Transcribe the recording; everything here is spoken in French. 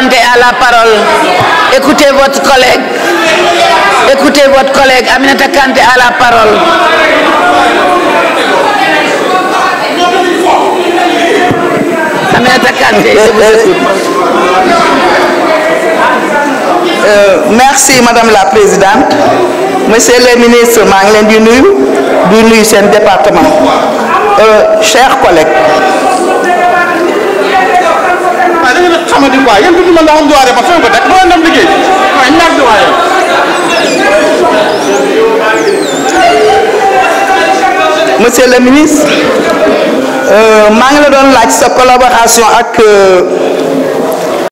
à la parole. Écoutez votre collègue. Écoutez votre collègue Aminata Kandé à la parole. Euh, merci Madame la Présidente. Monsieur le ministre manglen du du du département. Euh, chers collègues. quoi yéen tuuti man daa am doole parce que ko teg moo dem liggéey waaye ñaar monsieur le ministre euh, maa ngi la doon laaj sa collaboration ak. Euh,